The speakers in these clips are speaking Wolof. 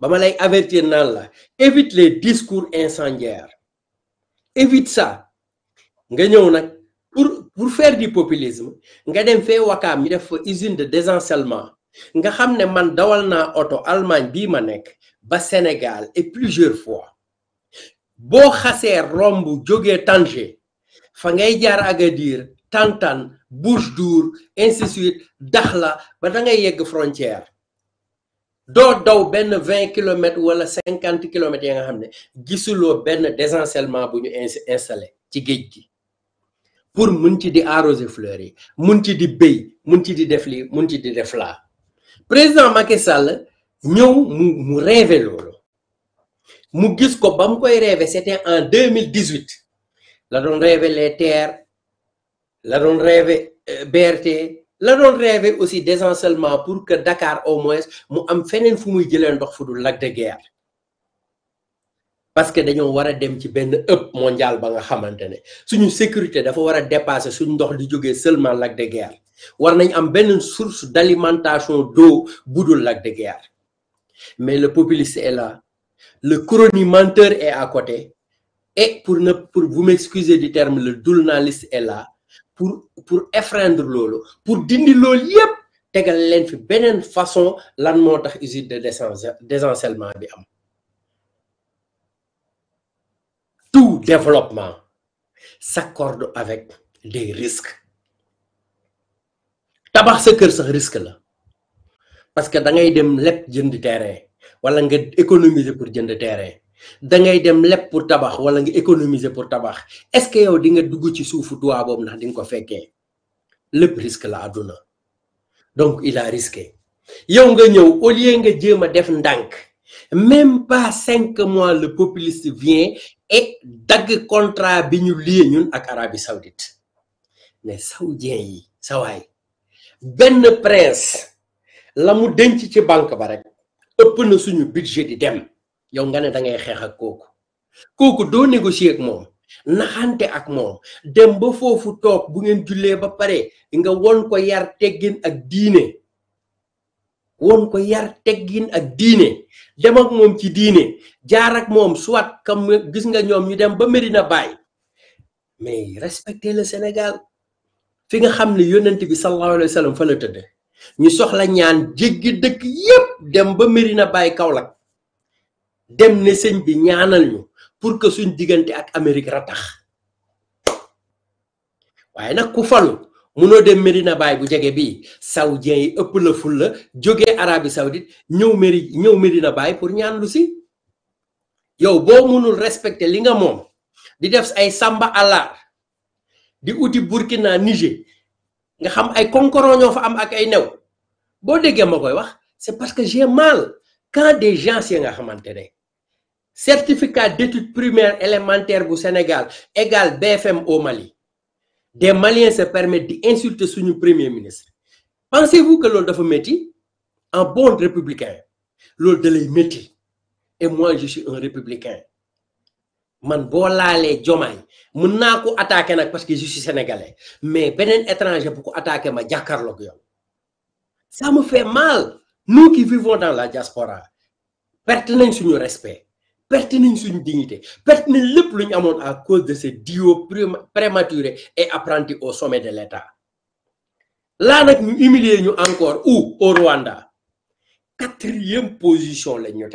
Je lay avertir évite les discours incendiaires évite ça nga pour pour faire du populisme nga dem waka def usine de désencellement nga man dawal na Allemagne ba Sénégal et plusieurs fois Bo de romb jógee Tanger fa Agadir Tantane, Bouche d'Our ainsi de Dakhla ba da ngay frontière doo daw benn 20 km wala 50 km ya nga xam ne ben désencellement buñu bu ñu ci gi pour mun ci di arroser fleurs yi mun ci di béy mun ci di def lii mun ci di def la président Macky Sall ñëw mu mu rêvé mu gis ko bam koy rêvé c'était en 2018, la don rêvé les terres la don rêvé euh, BRT la doon rêvé aussi désencellement pour que Dakar au moins mu am fenen fu muy jëlee ndox fu lac de guerre parce que nous wara des dem ci benn ëpp mondial ba nga xamantene suñu sécurité dafa wara dépasser suñu ndox di jógee seulement lac de guerre war nañ am benn source d'alimentation d'eau bu du lac de guerre mais le populiste est là le chronimenteur est à côté et pour ne pour vous m'excuser du terme le journaliste est là pour pour effreindre lolo pour dindi lolo yépp tegal len fi benen façon lan moo tax usine de désencellement bi am tout développement s'accorde avec des risques tabax sa keur sax risque la parce que da ngay dem lepp jënd terrain wala nga économiser pour jënd terrain da ngay dem lepp pour tabax wala nga économiser pour tabax est-ce que yow di nga dugg ci suufu toit boobu ndax di nga ko fekkee lépp risque la àdduna donc il a risqué yow nga ñëw au lieu nga jéem a def ndànk même pas cinq mois le populiste vient et dagg contrat bi ñu lié ñun ak Arabie Saoudite mais saoudien yi sawaay benn prince la mu denc ci banque ba rek ëpp na suñu budget di dem yow nga ne da ngay xex ak koku koku do négocier ak mom naxante ak mom dem ba fofu tok bu ngeen julle ba pare nga won ko yar teggin ak diiné won ko yar teggin ak diiné dem ak mom ci diiné jaar ak mom soit kam gis nga ñom ñu dem ba Medina bay mais respecter le Sénégal fi nga xamni yonent bi sallallahu alayhi wasallam fa la tëdd ñu soxla ñaan jéggi dëkk yépp dem ba Medina bay kaolak dem ne señ bi ñaanal ñu pour que suñ digënté ak amérique ratax waye nak ku falu mëno dem medina bay bu jégué bi saoudien yi ëpp le ful la joggé arabie saoudite ñew meri ñew medina bay pour ñaan lu ci yow bo mënul respecté li nga mom di def ay samba alar di outil burkina niger nga xam ay concurrent ñoo fa am ak ay new bo déggé makoy wax c'est parce que j'ai mal quand des gens ci nga certificat d'études primaires élémentaires au Sénégal égal BFM au Mali des Maliens se permettent d'insulter son premier ministre pensez-vous que l'on dafa un en bon républicain L'on de les et moi je suis un républicain man suis un républicain. mën naa ko attaquer nag parce que je suis sénégalais mais beneen étranger bu attaquer ma jàkkaarloog ça me fait mal nous qui vivons dans la diaspora perte nañ suñu respect perte nañ dignité perte le plus lu à cause de ces dios prématuré et apprentis au sommet de l'État Là nous nous humilier encore où au Rwanda quatrième position nous ñu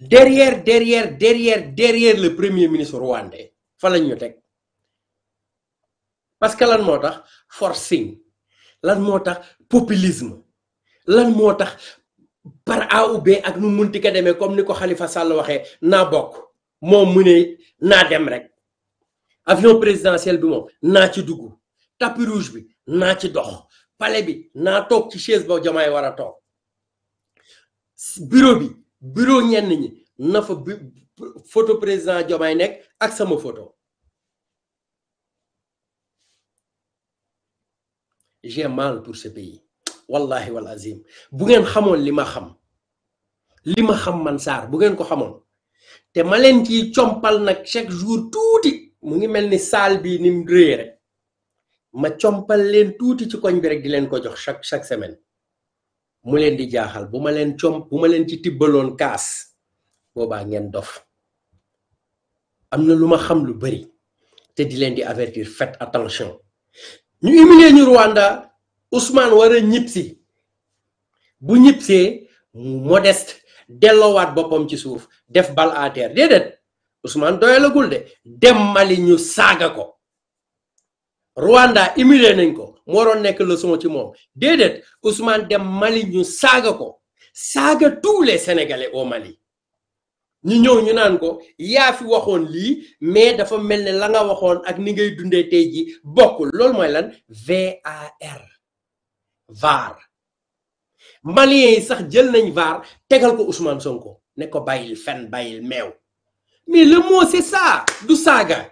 derrière derrière derrière derrière le premier ministre rwandais fa lañ ñu parce que lan moo forcing lan moo populisme lan par A ou B ak comme niko Khalifa Sall waxe, Nous bok, dem rek avion présidentiel bi moom Nous ci tapis rouge bi na ci dox palais bi na chaise bureau bi bureau na photo président Diomaye nek, ak photo j'ai mal pour ce pays wallahi li ma li ma xam man Sarr bu ngeen ko xamoon te ma leen ci compal nag chaque jour tuuti mu ngi mel ni saal bi ni mu réyee rek ma compal leen tuuti ci koñ bi rek di leen ko jox chaque chaque semaine mu leen di jaaxal bu ma leen comp bu ma leen ci tibbaloon kaas boobaa ngeen dof am na lu ma xam lu bari te di leen di avertir faites attention ñu humilier ñu Rwanda Ousmane war a ñibbisi bu ñibbisee mu modeste delloowaat boppam ci suuf def bal à terre déedéet Ousmane doyalagul de dem Mali ñu saaga ko Rwanda humilié nañ ko moroon doon nekk leçon ci moom déedéet Ousmane dem Mali ñu saaga ko saaga tous les Sénégalais Mali ñu ñëw ñu naan ko yaa fi waxoon lii mais dafa mel ne la nga waxoon ak ni ngay dundee tey ji bokkul loolu mooy lan VAR VAR malien yi sax jël nañ var tegal ko Ousmane Sonko ne ko bayil fen bayil mew mais le mot c'est ça du saga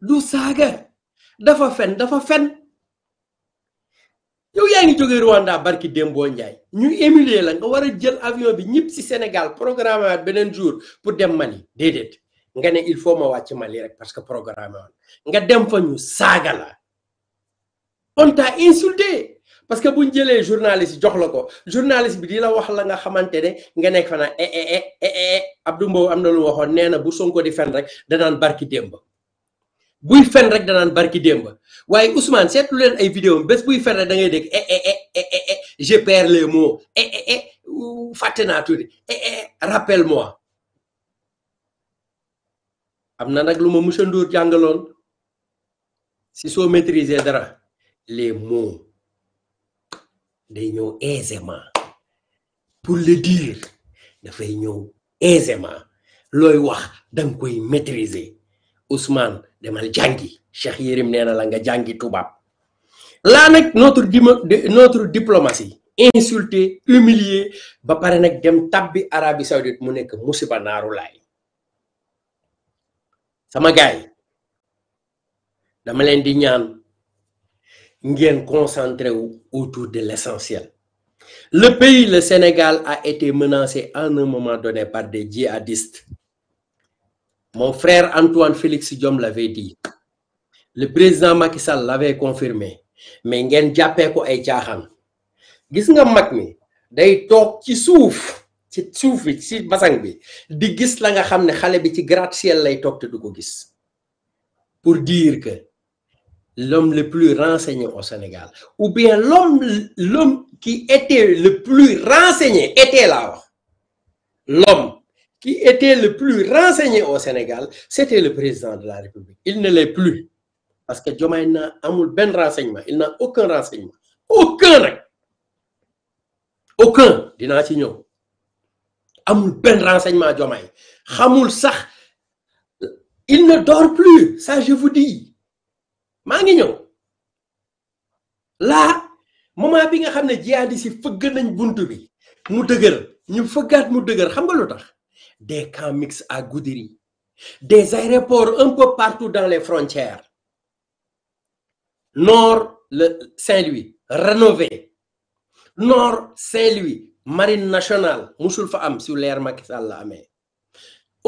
du saga dafa fen dafa fen yow yaa ngi jógee Rwanda barki Dembo ndjay ñu émuler la nga wara jël avion bi ñepp Senegal, Sénégal programme wat benen jour pour dem Mali dedet nga ne il faut ma wacc Mali rek parce que programme nga dem fa ñu saga la on t'a insulté parce que bu ñu jëlee journaliste jox la ko journaliste bi di la wax la nga xamante ne nga nekk fanaan eh eh eh Abdou Mbow am na lu waxoon nee na bu Sonko di fen rek danaan barki démb buy fen rek danaan barki démb waaye Ousmane seetlu leen ay vidéo bés buy fen rek da ngay dégg eh eh eh je perds les mots eh eh fàtte naa tuuti eh eh rappelle-moi am na nag lu ma monsieur Ndour jàngaloon si so maîtriser dara les mots. day ñëw aisément pour le dire dafay ñëw aisément looy wax danga koy maîtriser Ousmane demal jàngi Cheikh Yérim nee na la nga jàngi tubaab la nag notre notre diplomatie insulté ba pare nag dem tabbi Arabie Saoudite mu nekk musiba naaru lay sama gaay dama leen di ñaan nous concentré autour de l'essentiel le pays le Sénégal a été menacé à un moment donné par des djihadistes mon frère Antoine Félix Diom l'avait dit le président Macky Sall l'avait confirmé mais ngeen jàppee ko ay caaxaan gis nga mag mi day toog ci souf ci suuf bi ci basang bi di gis la nga xam xalé bi ci gratte-ciel lay tok te du ko gis pour dire que l'homme le plus renseigné au Sénégal, ou bien l'homme qui était le plus renseigné était là. L'homme qui était le plus renseigné au Sénégal, c'était le président de la République. Il ne l'est plus. Parce que Diomaye n'a renseignement. Il n'a aucun renseignement. Aucun. Aucun. Il ci Aucun ben renseignement il ne dort plus, ça je vous dis. maa ngi ñëw laa moment bi nga xam ne jihaadis yi fëgg nañ bunt bi mu dëgër ñu fëggaat mu dëgër xam nga lu tax des camps mixtes à Goudiri des aéroports un peu partout dans les frontières nord le Saint-Louis rénové nord saint marine nationale musul fa am sur l'ère Macky Sall la amee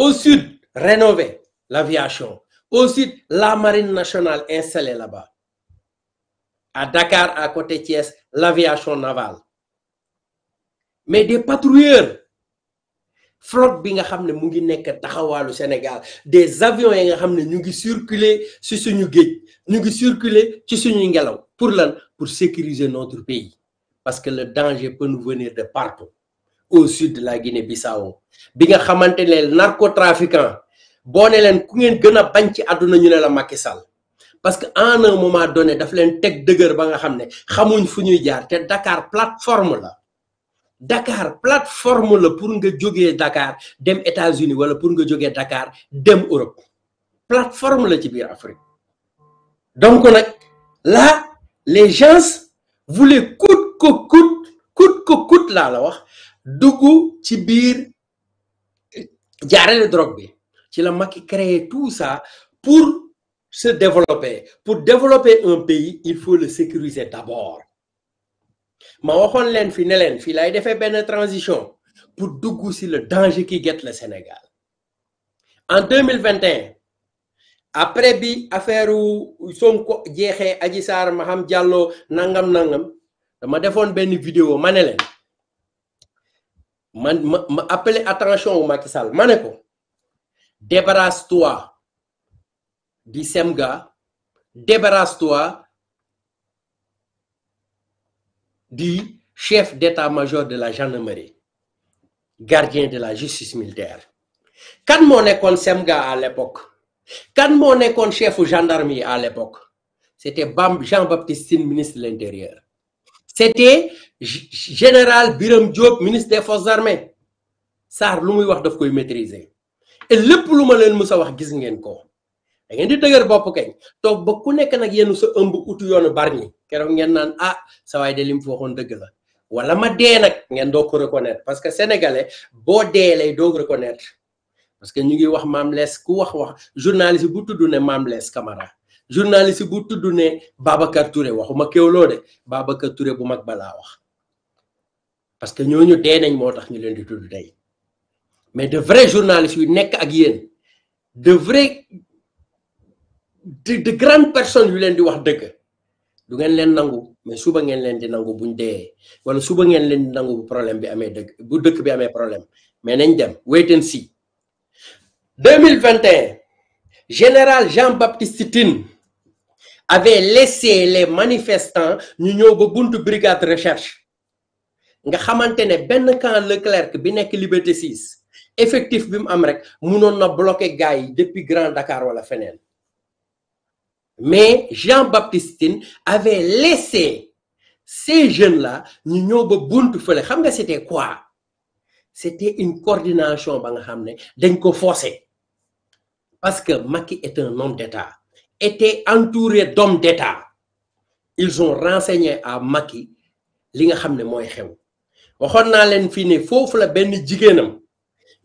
au sud rénové l'aviation Au sud, la marine nationale est installée là-bas. À Dakar, à côté de Thiès, l'aviation navale. Mais des patrouilleurs, flotte bi nga mu ngi Sénégal des avions yi nga sur ce ñu ngi circuler ci suñu ñu ngi circuler ci suñu ngelaw pour lan pour sécuriser notre pays parce que le danger peut nous venir de partout au sud de la Guinée-Bissau bi nga xamante narcotrafiquants boo ne leen ku ngeen gën a bañ ñu ne la Macky Sall parce que en un moment donné daf leen tek dëgër ba nga xamné xamuñ fu ñuy jaar té Dakar plateforme la Dakar plateforme la pour nga joggé Dakar dem États-Unis wala pour nga joggé Dakar dem Europe plateforme la ci biir Afrique donc nak là les gens voulaient coûte que coûte coûte que coûte laa la wax dugg ci biir jaarale drogue bi. C'est la Macky créé tout ça pour se développer pour développer un pays il faut le sécuriser d'abord ma waxoon len fi nelen fi lay defee ben transition pour dougou le danger qui guette le Sénégal en 2021 après bi affaire Sonko jeexee Adji Sarr Maham Diallo nangam nangam dama defoon ben vidéo Manélen, man ma ma appelé attention au Macky Sall ma Débarrasse-toi du SEMGA, débarrasse-toi du chef d'état-major de la gendarmerie, gardien de la justice militaire. on est con SEMGA à l'époque kan le chef de gendarmerie à l'époque c'était Jean-Baptiste ministre de l'intérieur c'était général Biram Diop ministre des forces armées Ça, lu muy wax daf koy maîtriser et lepp luma len musa wax gis ngeen ko da ngeen di dëgër bop kay tok ba ku nek nak yenu sa ëmb utu yoonu barni kero ngeen nan ah sa way de lim fo xon deug la wala ma de nak ngeen do ko reconnaître parce que sénégalais bo de lay do reconnaître parce que ñu ngi wax mam les ku wax wax journaliste bu tuddu ne mam les camara journaliste bu tuddu ne babacar touré waxuma lo de babacar touré bu mag bala wax parce que ñoñu de nañ motax ñu leen di tuddu day mais de vrais journalistes yu nekk ak de vrais de grandes personnes yu leen di wax dëgg du ngeen leen mais suba ngeen leen di nangu buñ souvent wala suba ngeen leen di bu problème bi amee dëgg bu bi problème mais nañ dem wait and see 2021 général Jean-Baptiste Tine avait laissé les manifestants ñu ñëw ba buntu brigade recherche nga xamante ne benn camp Leclerc bi nekk Liberté 6 effectif bi am rek bloqué Gaï depuis Grand Dakar wala fenen mais Jean-Baptiste avait laissé ces jeunes là ñu ñoo ba buntu de xam nga c'était quoi c'était une coordination ba nga xamné dañ ko parce que Macky est un homme d'État était entouré d'hommes d'État ils ont renseigné à Macky li nga xamné moy xew waxon na len fi ne fofu la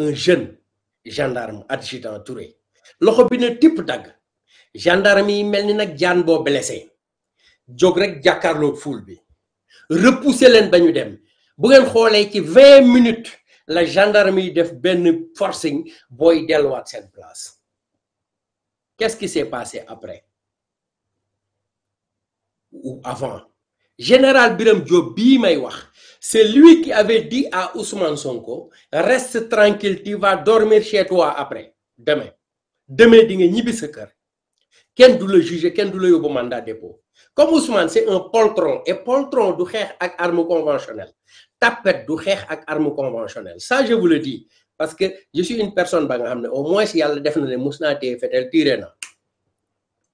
un jeune gendarme adjudant Touré loxo bi ne dag dagg gendarme yi melni nak jaan blessé jog rek jàkkaarloog foule bi repousser len bañu dem bu ngeen xolé ci 20 minutes la gendarme yi def ben forcing boy delouat cette place qu'est-ce qui s'est passé après ou avant général Biram Diop maïwa, c'est lui qui avait dit à Ousmane Sonko reste tranquille tu vas dormir chez toi après demain demain di nga ñibi sa kër le du le juger ken du le yóbbu mandat dépôt comme Ousmane c'est un poltron et poltron du xex ak arme conventionnelle tapet du xex ak arme conventionnelle ça je vous le dis parce que je suis une personne ba nga au moins yalla def na ne musna té fétel tiré na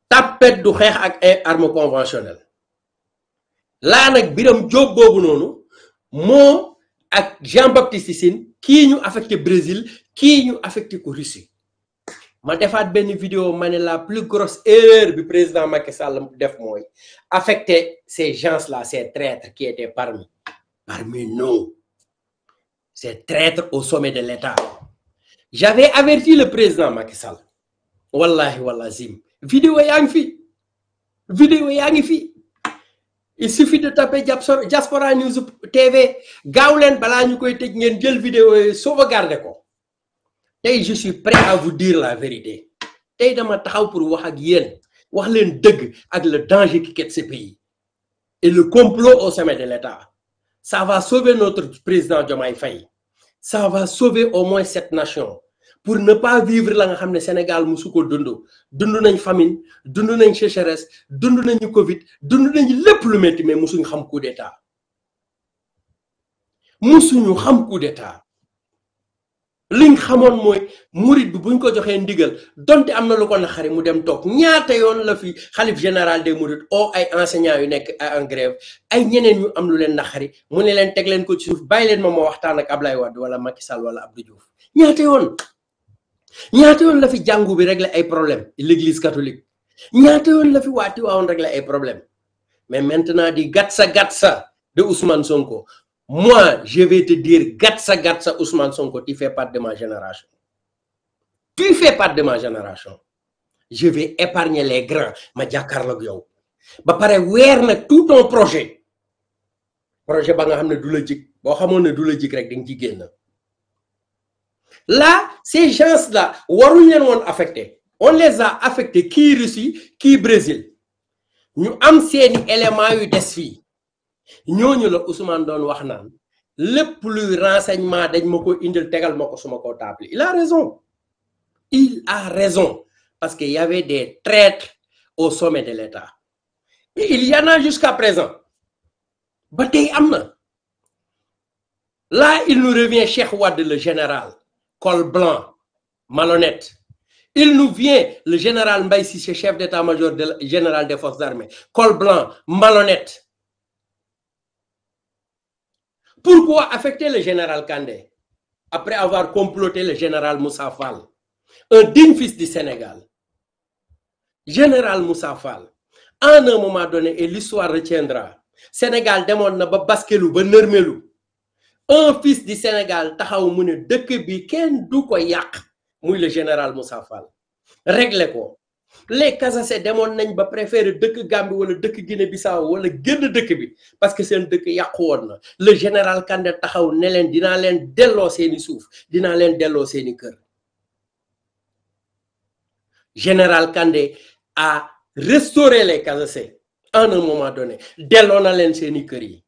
tapet du xex ak arme conventionnelle la nag Biram Jóob bobu noonu ak Jean Baptiste qui nous ñu affecté Brésil nous ñu affecté ko Russie ma defaat une vidéo mané la plus grosse erreur bi président Macky Sall def ces gens là ces traîtres qui étaient parmi parmi nous ces traîtres au sommet de l'État j'avais averti le président Macky Sall wallahi zim, vidéo yangfi, fi vidéo est il suffit de taper Diaspora News TV gawlen bala ñukoy tej ngeen jël vidéo sauvegarder ko je suis prêt à vous dire la vérité tay dama taxaw pour wax ak yeen wax ak le danger qui quête ce pays et le complot au sommet de l'État ça va sauver notre président Diomaye Faye ça va sauver au moins cette nation pour ne pas vivre la nga xamné Sénégal musu ko dund dund nañ famine dund nañ sécheresse dund nañ Covid dund nañ lepp lu metti mais musuñu xam coup d'état musuñu xam coup d'état liñ xamone moy mouride bi buñ ko joxé ndigal donte amna na lu ko naxari mu dem tok ñaata yoon la fi xalif général des mourides o ay enseignants yu nekk en grève ay ñeneen ñu am lu leen naxari mu ne leen teg leen ko ci suuf bàyyi leen mo waxtaan ak Ablaye wad wala Macky Sall wala Abdou Diouf ñaata yoon ñaata yoon la fi jàngu bi régler ay problème l'église catholique ñaata yoon la fi waa Tiwaawoon régler ay problème mais maintenant di gatsa gatsa de Ousmane Sonko moi je vais te dire gatsa gatsa Ousmane Sonko tu fais partie de ma génération tu fais partie de ma génération je vais épargner les grands ma vais yow ba tout ton projet projet ba nga xam ne Là, ces gens-là, affectés. On les a affectés qui Russie, qui Brésil. Nous avons ces éléments de défi. nous, la Ousmane Don wax naan lépp luy renseignement dañ indil suma table il a raison il a raison parce qu'il y avait des traîtres au sommet de l'État et il y en a jusqu'à présent ba là il nous revient Cheikh Wad, le général col blanc, malhonnête. Il nous vient, le général Mbaye chef d'état-major général des forces armées, col blanc, malhonnête. Pourquoi affecter le général Kandé après avoir comploté le général Moussa Fall, un digne fils du Sénégal Général Moussa Fall, en un moment donné, et l'histoire retiendra, Sénégal demande de ba de ba un fils du Sénégal taxaw mu ne dëkk bi kenn du ko yàq muy le général Moussa Fall réglé ko les Casacé demon nañ ba préféré dëkk Gambie wala dëkk Guinée-Bissau wala génn dëkk bi parce que seen dëkk yàqu woon na le général Kandé taxaw ne leen dinaa leen delloo seeni suuf dinaa leen delloo seeni kër général Kandé a restauré les Casacé en un moment donné delloo na leen seeni kër yi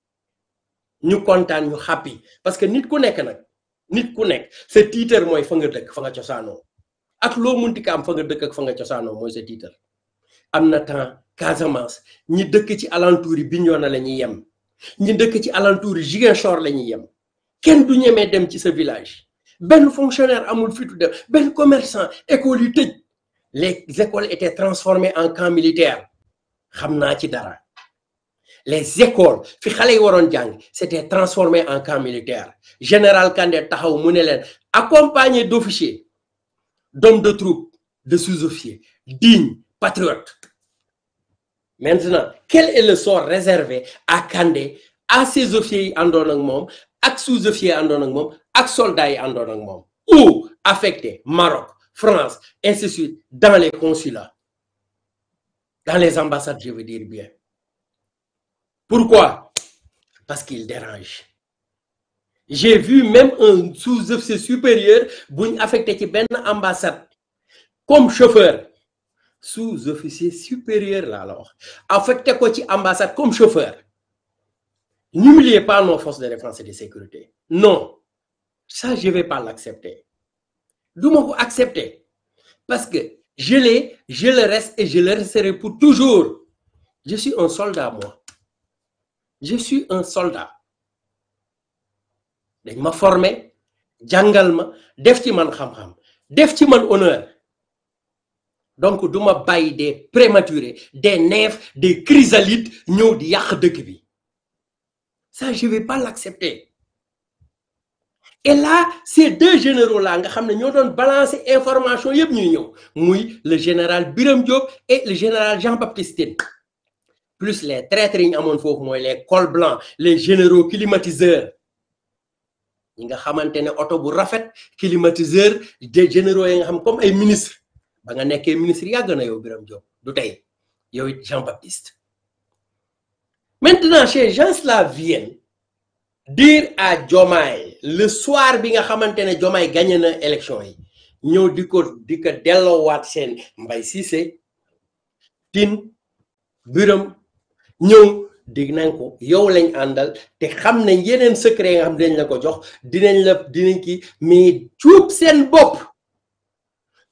ñu kontaan ñu happy parce que nit ku nekk nag nit ku nekk sa tiitar mooy fa nga dëkk fa nga cosaanoo ak loo munti ka am fa nga dëkk ak fa nga cosaanoo mooy sa tiitar am na temps Casamance ñi dëkk ci alentour yi Bignona la ñuy yem ñi dëkk ci alentour yi Ziguinchor la ñuy yem kenn du ñemee dem ci sa village benn fonctionnaire amul fitu dem benn commerçant école yi tëj les écoles étaient transformées en camp militaire xam naa ci dara les écoles fi Waron jang c'était transformé en camp militaire général Kandé taxaw Mounelen, accompagné d'officiers d'hommes de troupes, de sous-officiers dignes patriotes maintenant quel est le sort réservé à Kandé à ses officiers à ses ak sous-officiers à ses ak soldats ou affecté Maroc France ainsi de suite dans les consulats dans les ambassades je veux dire bien pourquoi Parce qu'il dérange. J'ai vu même un sous-officier supérieur qui affecté ci ben ambassade comme chauffeur sous-officier supérieur là alors affecté ko ambassade comme chauffeur n'humiliez pas nos forces de défense et de sécurité non ça je vais pas l'accepter ne vais pas accepter parce que je l'ai je le reste et je le resterai pour toujours je suis un soldat moi je suis un soldat dañ ma formé jangal ma def ci man xam-xam def ci man honneur donc du ma des prématurés des nerfs, des chrysalides ñëw di ça je vais pas l'accepter et là ces deux généraux là nga xamné ñoo doon balancer information yeb ñuy le général Biram Diop et le général Jean-Baptiste plus les traîtres yi ñu amoon foofu les cols blancs les généraux climatiseurs ñi nga xamante auto bu rafet climatiseur des généraux yi nga xam comme ay ministre ba nga nekkee ministre yàgg na yow biram Diop du tay yow Jean Baptiste maintenant ces gens-là viennent dire à Jomay le soir bi nga xamante ne Diomaye gagné na élection yi ñeu di ko di ko delloowaat seen Mbaye Cissé tin Biram ñëw dégg nañ ko yow lañ àndal te xam nañ yeneen secret nga xam dinañ la ko jox dinañ la dinañ ki mais cuub seen bopp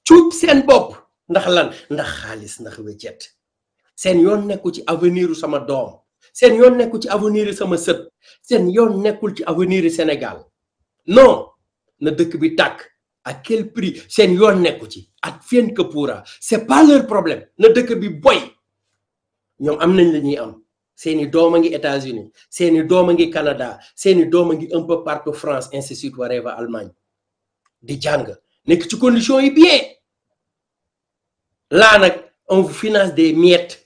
cuub seen bopp ndax lan ndax xaalis ndax wécceet seen yoon nekku ci avenir sama doom seen yoon nekku ci avenir sama sët seen yoon nekkul ci avenir Sénégal non na dëkk bi tàkk à quel prix seen yoon nekku ci at fien que pourra c'est pas leur problème na dëkk bi boy ñoom am nañ la ñuy am seeni doom a États-Unis seeni doom a Canada seeni doom a un peu partout France ainsi de suite waree Allemagne di jàng nekk ci condition yi bien là on vous finance des miettes.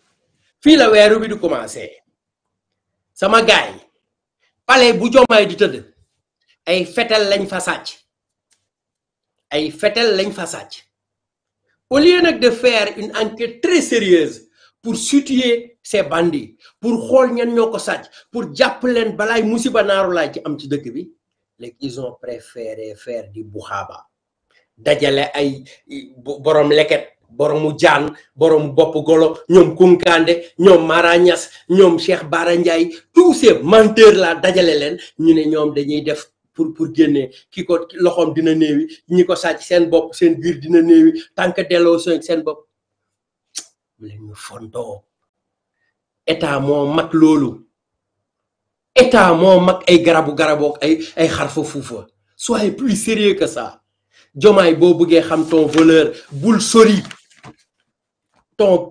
fi la wéru bi du commencé sama gaay yi palais bu jomaay di teud ay fetel lañ fa sacc ay fetel lañ fa sacc au lieu nak de faire une enquête très sérieuse pour situer ces bandits pour xol ñan ñoko sacc pour japp len balay musiba naaru laay ci am ci dëkk bi léegi ils ont préféré faire di buxaaba dajale ay borom leket boromu jaan boromu bopp golo ñoom Kunkande ñoom Mara ñoom Cheikh Bara Ndiaye tous ces la dajale leen ñu ne ñoom dañuy def pour pour génnee ki ko loxoom dina néewi ñi ko sàcc seen bopp seen biir dina néewi tant que delloo seen bopp fondoo état moo mag loolu état moo mag ay garabu garabook ay ay xarfa fuufa soyez plus sérieux que ça jomaay boo bëggee xam ton voleur bul sori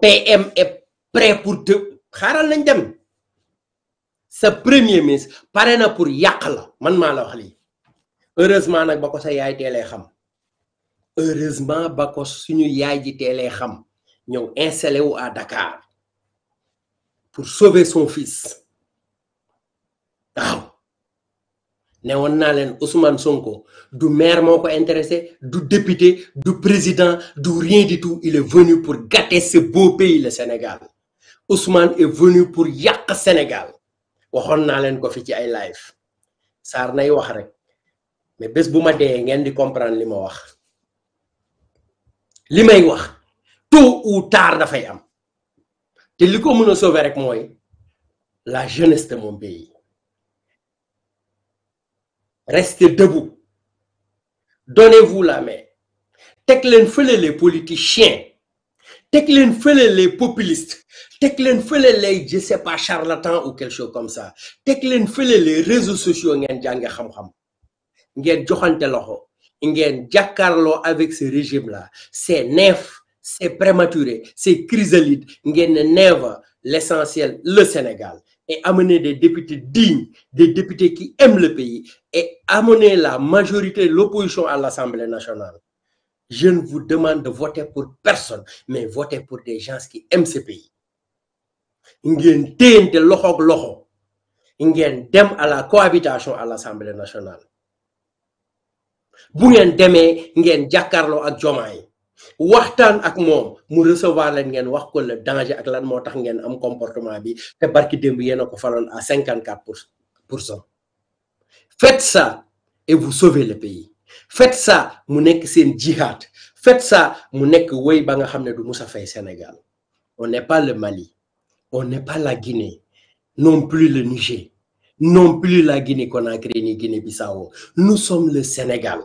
PM est prêt pour te xaaral nañ dem sa premier ministre pare pour yàq la man maa wax heureusement nag bako ko sa yaay teelee xam heureusement bako ko suñu yaay ji teelee xam ñëw installé wu à Dakar pour sauver son fils ne woon Ousmane Sonko du maire moko intéressé du député du président du rien du tout il est venu pour gâter ce beau pays le Sénégal Ousmane est venu pour yak Sénégal waxon na len ko fi ci ay live sar nay wax rek mais bés buma ma ngén di comprendre lima wax limay wax tôt ou tard fay am té qui ko sauver rek la jeunesse de mon pays Restez debout. Donnez-vous la main. Teklen l'on fait les politiciens. Teklen l'on fait les populistes. Teklen l'on fait les je sais pas charlatans ou quelque chose comme ça. Teklen l'on fait les réseaux sociaux Ngen jànge kham kham. Ngen joxante loxo. Ngen jàkkaarloo avec ce régime-là. C'est neuf, c'est prématuré, c'est chrysalide. Ngen neeva l'essentiel le Sénégal et amener des députés dignes, des députés qui aiment le pays et amener la majorité de l'opposition à l'Assemblée nationale. Je ne vous demande de voter pour personne, mais voter pour des gens qui aiment ce pays. ngeen téyante de loxo Vous dem à la cohabitation à l'Assemblée nationale bu à la cohabitation à ak nationale waxtaan ak moom mu recevoir leen ngeen wax ko le danger ak lan moo tax ngeen am comportement bi te barki démb yéen a ko faloon à 54% faites ça et vous sauvez le pays faites ça mu nekk seen jihad faites ça mu nekk wéy ba nga xam ne du musa fay Sénégal on n'est pas le Mali on n'est pas la Guinée non plus le Niger non plus la Guinée-Conakry qu'on ni Guinée-Bissau nous sommes le Sénégal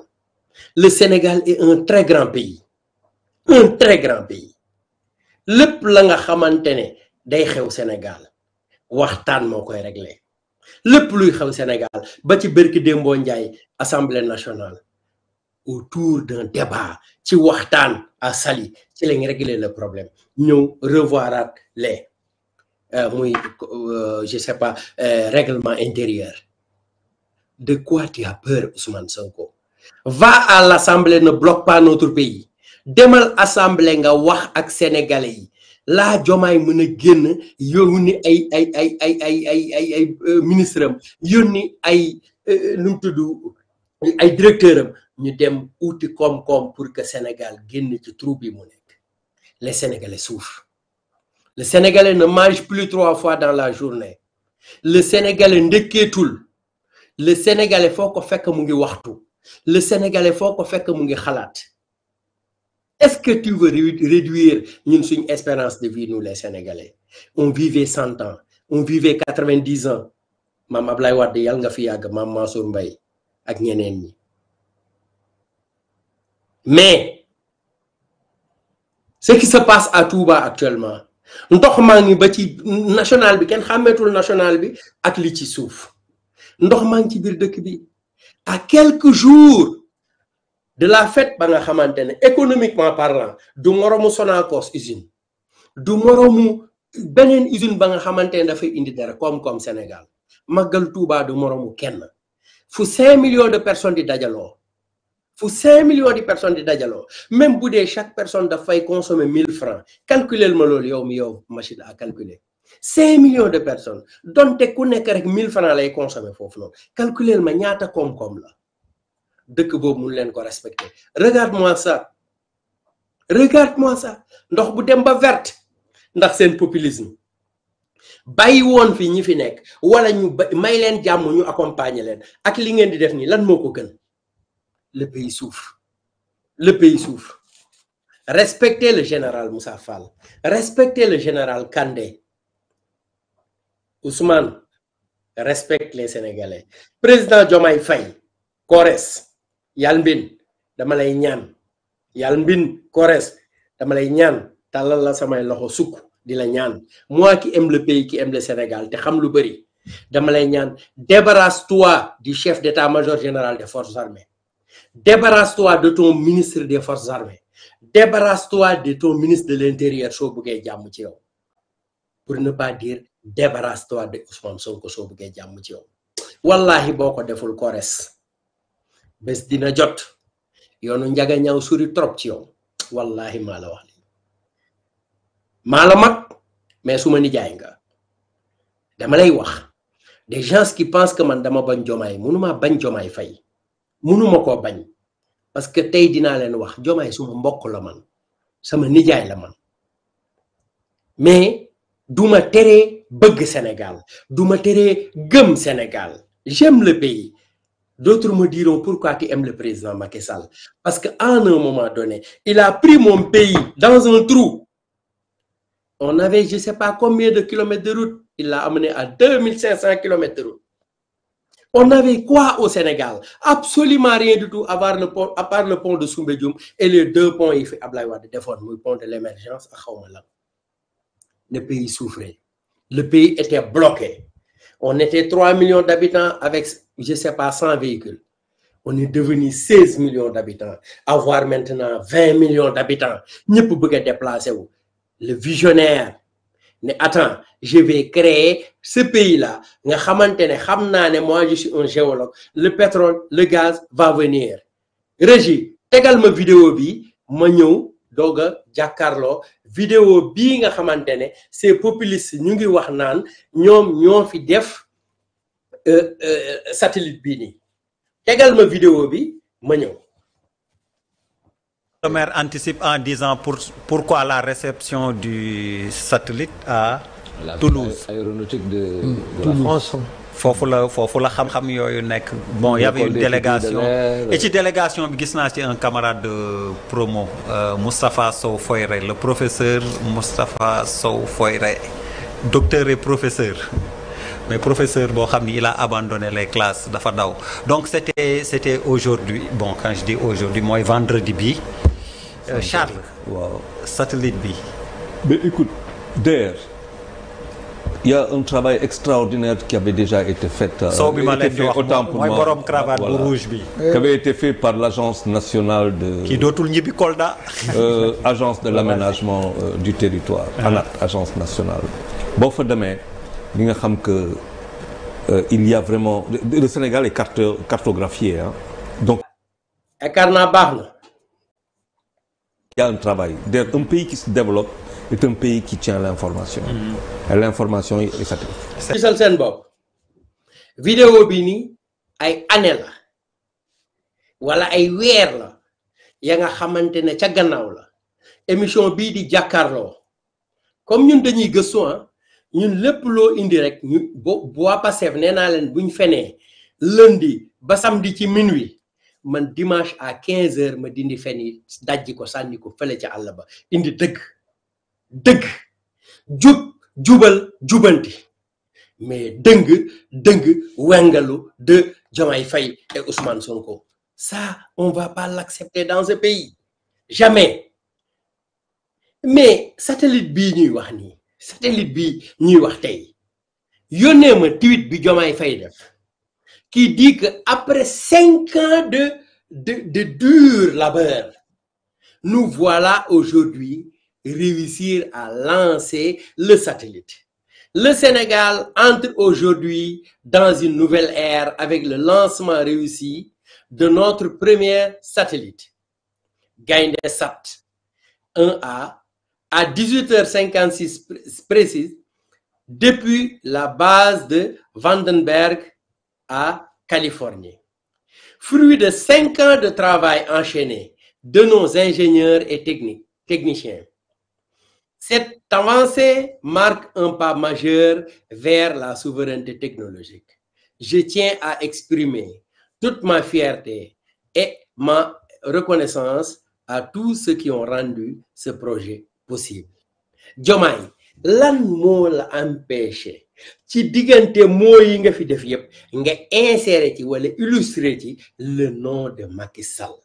le Sénégal est un très grand pays un très grand pays Le la nga day Sénégal le moo koy réglé luy au Sénégal ba ci y assemblée nationale autour d'un débat à Sali, le problème Nous les euh, euh, je sais pas euh, règlement intérieur de quoi tu as peur Ousmane Sonko va à l'assemblée ne bloque pas notre pays demal assemblée nga wax ak sénégalais yi laa jomaay mën a génn yónni ay ay ay ay ay ay ay ay euh, ministre am yónni ay euh, lu mu tudd ay directeur am ñu dem uti koom-koom pour que Sénégal génn ci trou bi mu nekk les sénégalais souffrent le sénégalais ne mange plus trois fois dans la journée le sénégalais ndekkeetul le sénégalais foo ko fekk mu ngi waxtu le sénégalais foo ko fekk mu ngi xalaat Est-ce que tu veux réduire une, espérance de vie, nous les Sénégalais On vivait 100 ans, on vivait 90 ans. Maman Ablaye de yal nga fi yag, maman Mansour Mbaye ak ñeneen Mais ce qui se passe à Touba actuellement, ndox maa ngi ba ci national bi kenn xàmmeetul national bi ak li ci suuf ndox maa ngi ci biir dëkk bi à quelques jours de la fête ba nga xamantene économiquement parlant du moromu Sonacos usine du moromu benen usine ba nga xamantene da fay indi dara comme comme Sénégal magal Touba du moromu kenn fu 5 millions de personnes di dajalo fu 5 millions de personnes di dajalo même boudé chaque personne da fay consommer 1000 francs calculer ma lol yow mi yow machine à calculer 5 millions de personnes donte ku nek rek 1000 francs lay consommer fofu non calculer ma ñaata kom kom la dëkk boobu mun leen ko respecter regarde-moi ça regarde-moi ça ndox bu dem ba verte ndax seen populisme bàyyi woon fi ñi fi nekk wala ñu may leen jàmm ñu accompagner leen ak li ngeen di def nii lan moo ko gën le pays souffre le pays souffre respectez le général Moussa Fall respectez le général Kandé Ousmane respecte les Sénégalais président Diomaye Faye Corès yalbin dama lay ñaan kores dama lay ñaan talal la samay loxo suk di la ñaan moi qui aime le pays qui aime le Sénégal te xam lu bari dama lay ñaan débarrasse-toi du chef d'état-major général des forces armées débarrasse-toi de ton ministre des forces armées débarrasse-toi de ton ministre de l'intérieur bu bëggee jamm ci yow pour ne pas dire débarrasse-toi de Ousmane Sonko bu jamm ci yow wallahi boko deful kores bés dina jot yoonu njaga ñaw suri trop ci yow wallahi maa la wax li la mag mais su nijaay nga dama lay wax des gens qui pensent que man dama bañ jomaay mënuma bañ jomaay fay mënuma ko bañ parce que tey dinaa leen wax jomaay suma mbokk la man sama nijaay la man mais duma teree bëgg Sénégal duma teree gëm Sénégal j'aime le pays D'autres me diront pourquoi tu aimes le président Macky Sall. Parce à un moment donné, il a pris mon pays dans un trou. On avait je ne sais pas combien de kilomètres de route. Il l'a amené à 2500 kilomètres de route. On avait quoi au Sénégal Absolument rien du tout à part le pont, à part le pont de Soumbédioum et les deux ponts il fait de Défon, le pont de l'émergence à Le pays souffrait. Le pays était bloqué. On était 3 millions d'habitants avec je ne sais pas, 100 véhicules. On est devenu 16 millions d'habitants, avoir maintenant 20 millions d'habitants. Nous pouvons déplacer. Le visionnaire, mais attends, je vais créer ce pays-là. Moi, je suis un géologue. Le pétrole, le gaz va venir. Régis, tegal ma vidéo bi, ma ñëw doga vidéo bi nga xamante ne ces populistes ñu ngi wax naan ñom def euh, euh, satellite Bini également vidéo bi ma Le maire anticipe en disant pourquoi la réception du satellite à la Toulouse. Aéronautique hmm, de, la France. la foofu la xam bon y avait une délégation et cette délégation bi gis un camarade de promo euh, Mustafa Sow le professeur Moustapha Sow docteur et professeur mais professeur bo il a abandonné les classes dafa donc c'était c'était aujourd'hui bon quand je dis aujourd'hui moi vendredi bi euh, Charles Wow. satellite bi mais écoute d'ailleurs il y a un travail extraordinaire qui avait déjà été fait. Ça euh, borom euh. qui avait été fait par l'agence nationale de. agence de l'aménagement du territoire. Ah. ANAT agence nationale Bon, demain li nga xam que euh, il y a vraiment le Sénégal est carte cartographié Hein. donc. écart naa baax na. il y a un travail d'ailleurs un pays qui se développe est un pays qui tient l'information. Mm-hmm. et l'information est satisfaite. gisal seen bopp. vidéo bi nii ay année la wala ay weer la ya nga xamante ne ca gannaaw la émission bii di jàkkaarloo comme ñun dañuy gëstu ah ñun lépp indirect, indi rek ñu bo nee lundi ba samedi minuit man dimanche à 15 heures ma dindi ko ko indi jub jubal jubanti mais dëng dëng wengalu de Faye et Ousmane ça on va pas l'accepter dans ce pays jamais mais satellite bii ñuy satellite bi ñuy wax tweet qui dit que après cinq ans de de de dur labeur nous voilà aujourd'hui réussir à lancer le satellite le Sénégal entre aujourd'hui dans une nouvelle ère avec le lancement réussi de notre premier satellite sat 1A à 18h56 précise depuis la base de Vandenberg à Californie. Fruit de cinq ans de travail enchaîné de nos ingénieurs et techniciens, cette avancée marque un pas majeur vers la souveraineté technologique. Je tiens à exprimer toute ma fierté et ma reconnaissance à tous ceux qui ont rendu ce projet possible jomaay lan moo la empêché ci diggante moo yi nga fi def yëpp nga insérer ci wala illustrer ci le nom de Macky Sall